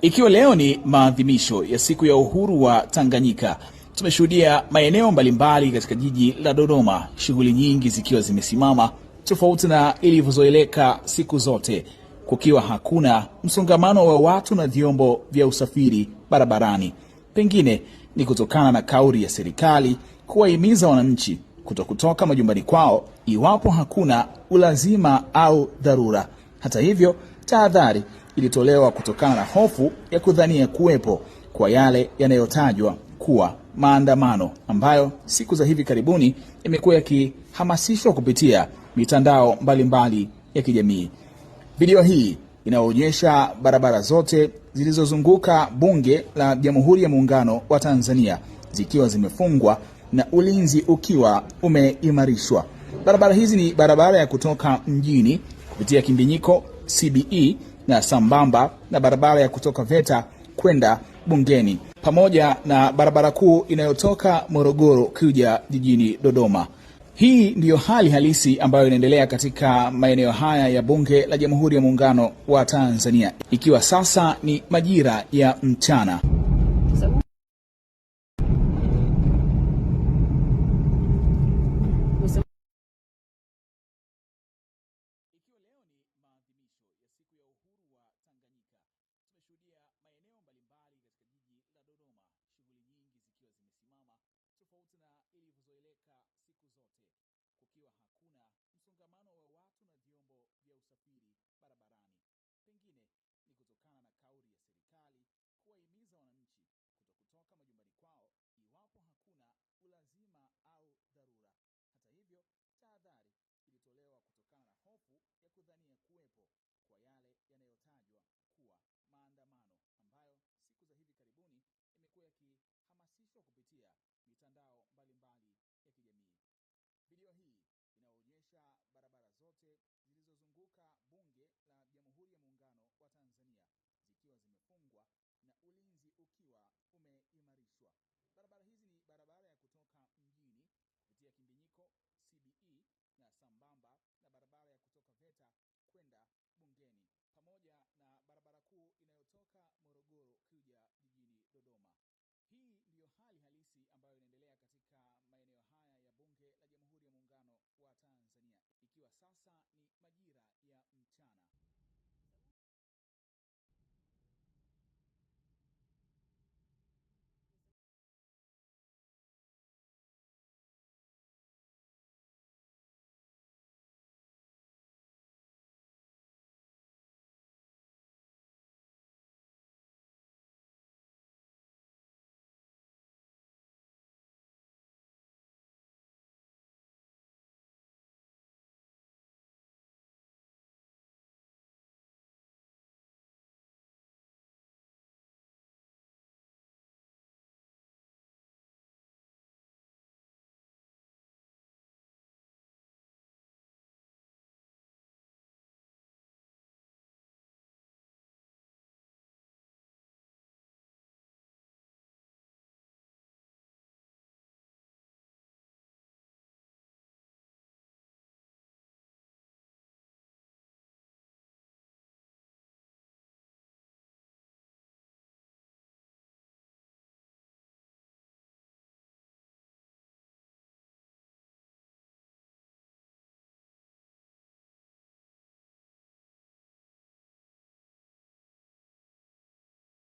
Ikiwa leo ni maadhimisho ya siku ya uhuru wa Tanganyika, tumeshuhudia maeneo mbalimbali katika jiji la Dodoma, shughuli nyingi zikiwa zimesimama tofauti na ilivyozoeleka siku zote, kukiwa hakuna msongamano wa watu na vyombo vya usafiri barabarani. Pengine ni kutokana na kauli ya serikali kuwahimiza wananchi kuto kutoka majumbani kwao iwapo hakuna ulazima au dharura. Hata hivyo, tahadhari ilitolewa kutokana na hofu ya kudhania kuwepo kwa yale yanayotajwa kuwa maandamano ambayo siku za hivi karibuni yamekuwa yakihamasishwa kupitia mitandao mbalimbali mbali ya kijamii. Video hii inaonyesha barabara zote zilizozunguka Bunge la Jamhuri ya Muungano wa Tanzania zikiwa zimefungwa na ulinzi ukiwa umeimarishwa. Barabara hizi ni barabara ya kutoka mjini kupitia Kimbinyiko CBE na sambamba na barabara ya kutoka VETA kwenda Bungeni pamoja na barabara kuu inayotoka Morogoro kuja jijini Dodoma. Hii ndiyo hali halisi ambayo inaendelea katika maeneo haya ya Bunge la Jamhuri ya Muungano wa Tanzania, ikiwa sasa ni majira ya mchana. ilivyozoeleka siku zote, kukiwa hakuna msongamano wa watu na vyombo vya usafiri barabarani. Pengine ni kutokana na kauli ya serikali kuwahimiza wananchi kutokutoka majumbani kwao iwapo hakuna ulazima au dharura. Hata hivyo, tahadhari ilitolewa kutokana na hofu ya kudhania kuwepo kwa yale yanayotajwa zote zilizozunguka Bunge la Jamhuri ya Muungano wa Tanzania zikiwa zimefungwa na ulinzi ukiwa umeimarishwa. Barabara hizi ni barabara ya kutoka mjini kupitia Kimbinyiko CBE na sambamba na barabara ya kutoka VETA kwenda Bungeni pamoja na barabara kuu inayotoka Morogoro kuja jijini Dodoma. Hii ndiyo hali halisi ambayo inaendelea sasa ni majira